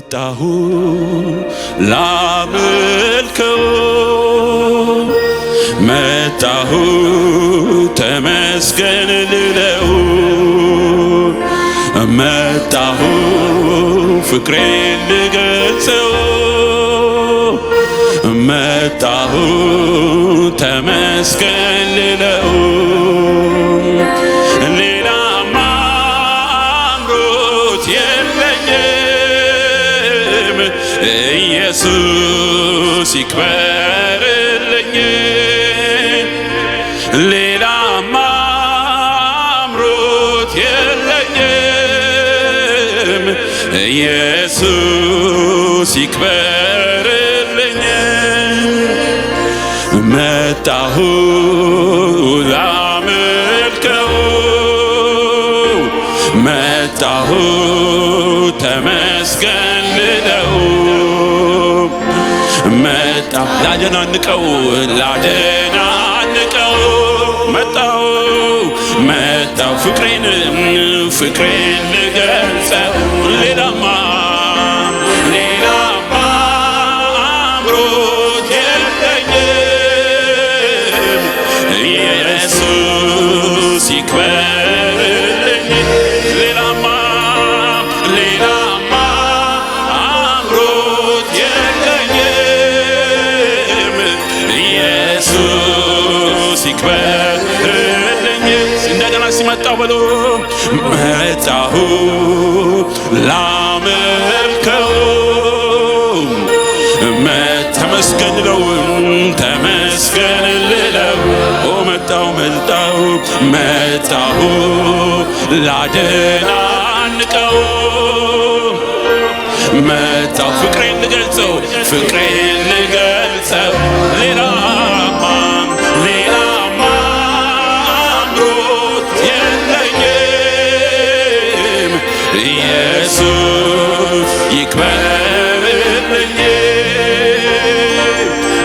መጣሁ ላመልከው መጣሁ ተመስገን ልለው መጣሁ ፍቅሬ ልገልጸው መጣሁ ተመስገን ልለው ኢየሱስ ይክበርልኝ ሌላማ አምሮት የለኝም ኢየሱስ ይክበርልኝ መጣሁ ላመልከው መጣሁ ተመ ላደናንቀው ላደናንቀው መጣው መጣው ፍቅሬን ፍቅሬን ልገልጸው ሌላማ በሎ መጣሁ ላመልከው ተመስገን ለው ተመስገን ልለው መጣሁ መጣሁ መጣሁ ላደናንቀው መጣሁ ፍቅሬን ልገልጸው ፍቅሬን ልገ ኢየሱስ ይክበርልኝ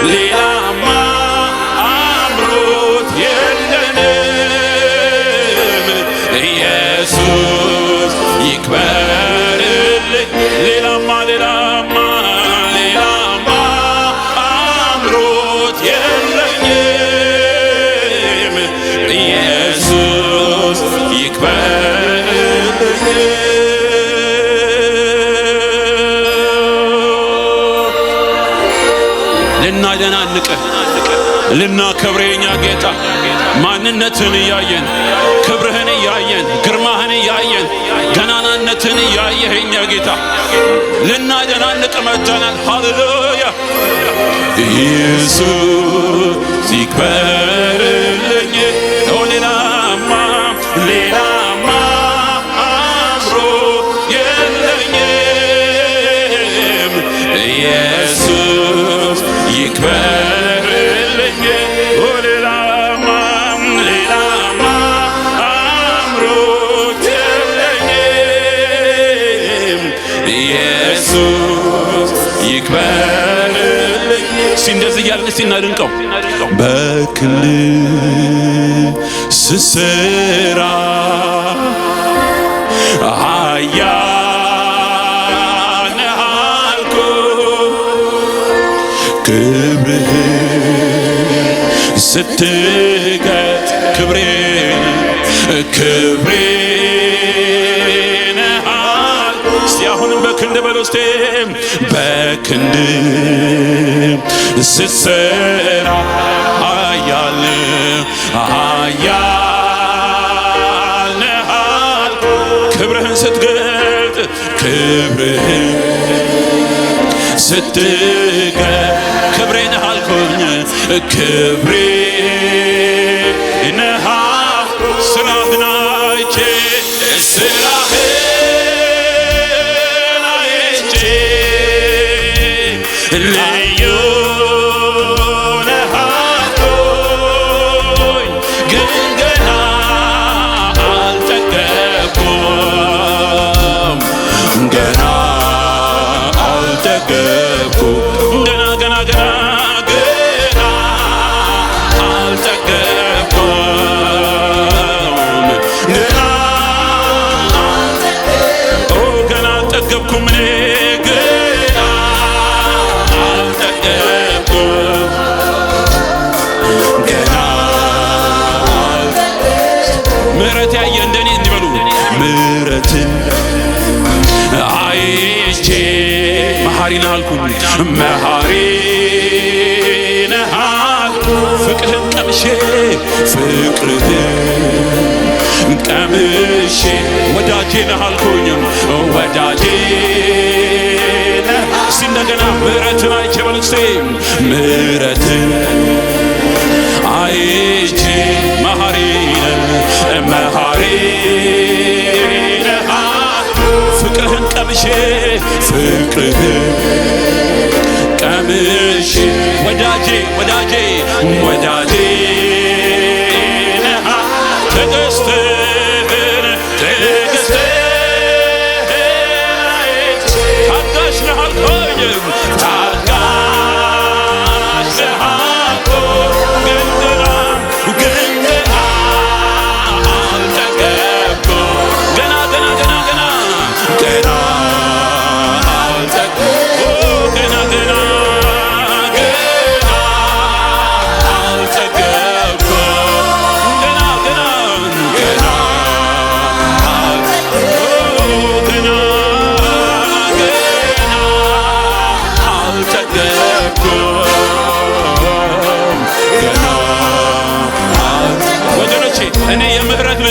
ሌላማ አምሮት የለንም ኢየሱስ ይክበርልኝ ሌላማ ሌላማ ሳያደናንቅህ ልናከብር የኛ ጌታ ማንነትን እያየን ክብርህን እያየን ግርማህን እያየን ገናናነትን እያየህ የኛ ጌታ ልናደናንቅ መተናል። ሃሌሉያ ኢየሱስ ይክበር። እስቲ እንደዚህ እያልን ሲናድንቀው በክል ስስራ አያነ አልኩ ክብሬ ክብሬ አንድ በሎስቴ በክንድ ስሰራ አያል አያል አልቆ ክብርህን ስትገልጥ ክብርህን ስትገ ክብሬን አልኩኝ ክብሬ ነሃ ስራህና መሐሪ ፍቅርህ ቀምሼ ወዳጄ ነህ አልኩኝ ወዳጄ ነህ እንደገና ምሕረትን አይቼ በልሴ ምሕረትን አይቼ መሐሪ ነህ መሐሪ ፍቅርህን ቀምሼ ፍቅርህን ቀምሼ ወዳጄ ወዳጄ ወዳጄ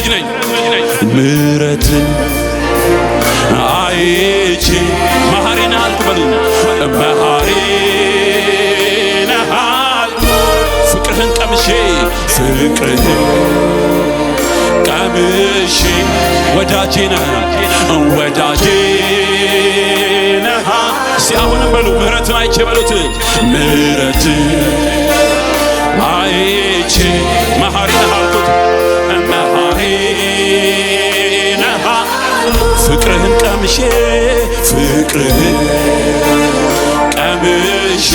ልጅ ነኝ። ምሕረትን አይቼ መሐሪና አልቅበል መሐሪ ፍቅርህን ቀምሼ ፍቅርህን ቀምሼ ወዳጄ ነህ ወዳጄ ነህ። በሉ ምሕረትን አይቼ በሉት ምሕረትን አይቼ መሐሪ ነህ ፍቅርህን ቀምሼ ፍቅርህን ቀምሼ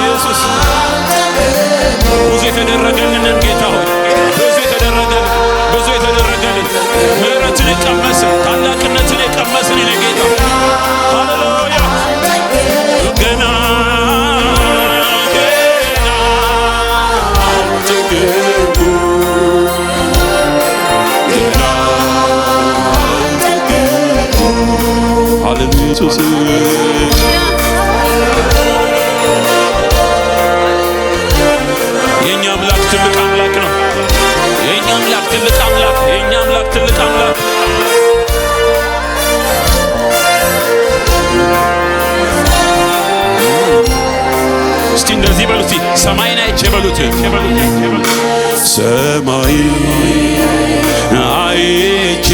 ኢየሱስ ብዙ የተደረገልንን ጌታ ሆይ ብዙ የተደረገ ብዙ የተደረገልን ምሕረትን የቀመስን ታላቅነትን የቀመስን ይለ ጌታ ሃሌሉያ ገና ገና ትግቡ Hallelujah. እስቲ እንደዚህ በሉ። እስቲ ሰማይን አይቼ በሉት ሰማይ አይቼ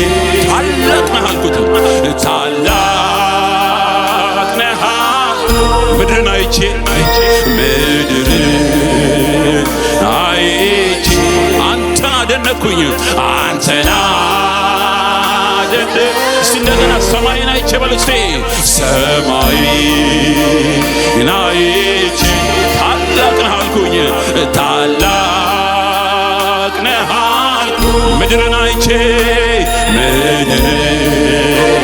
ታላቅ ነህ አልኩት። ታላቅ ነህ ምድርን አይቼ ምድርን አይቼ አንተን አደነኩኝ አንተና እስቲ እንደገና ሰማይን አይቼ በል እስቲ ሰማይን አይቼ ታላቅ ነህ አልኩኝ፣ ታላቅ ነህ አልኩ ምድርን አይቼ ምድር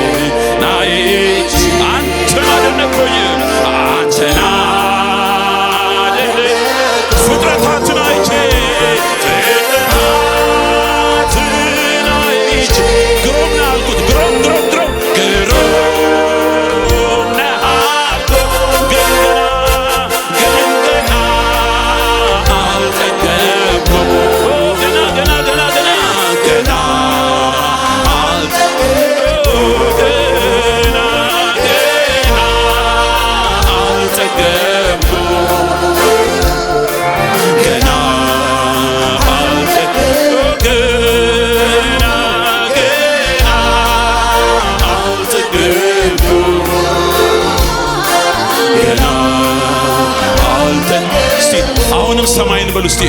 በሉ እስቲ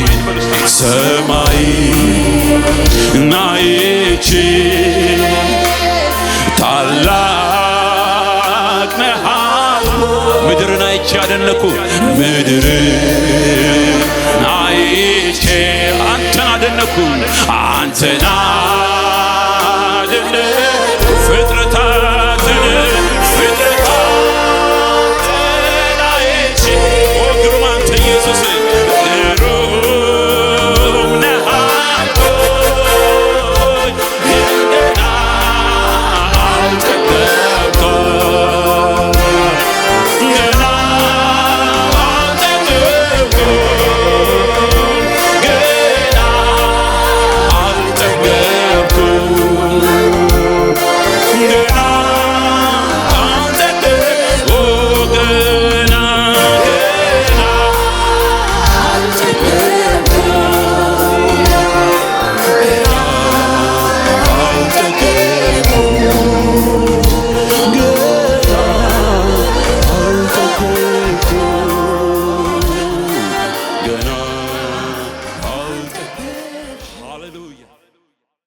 ሰማይ ናይቼ ታላቅ ነሃ ምድርን አይቼ አደነኩ ምድር አይቼ አንተን አደነኩ አንተና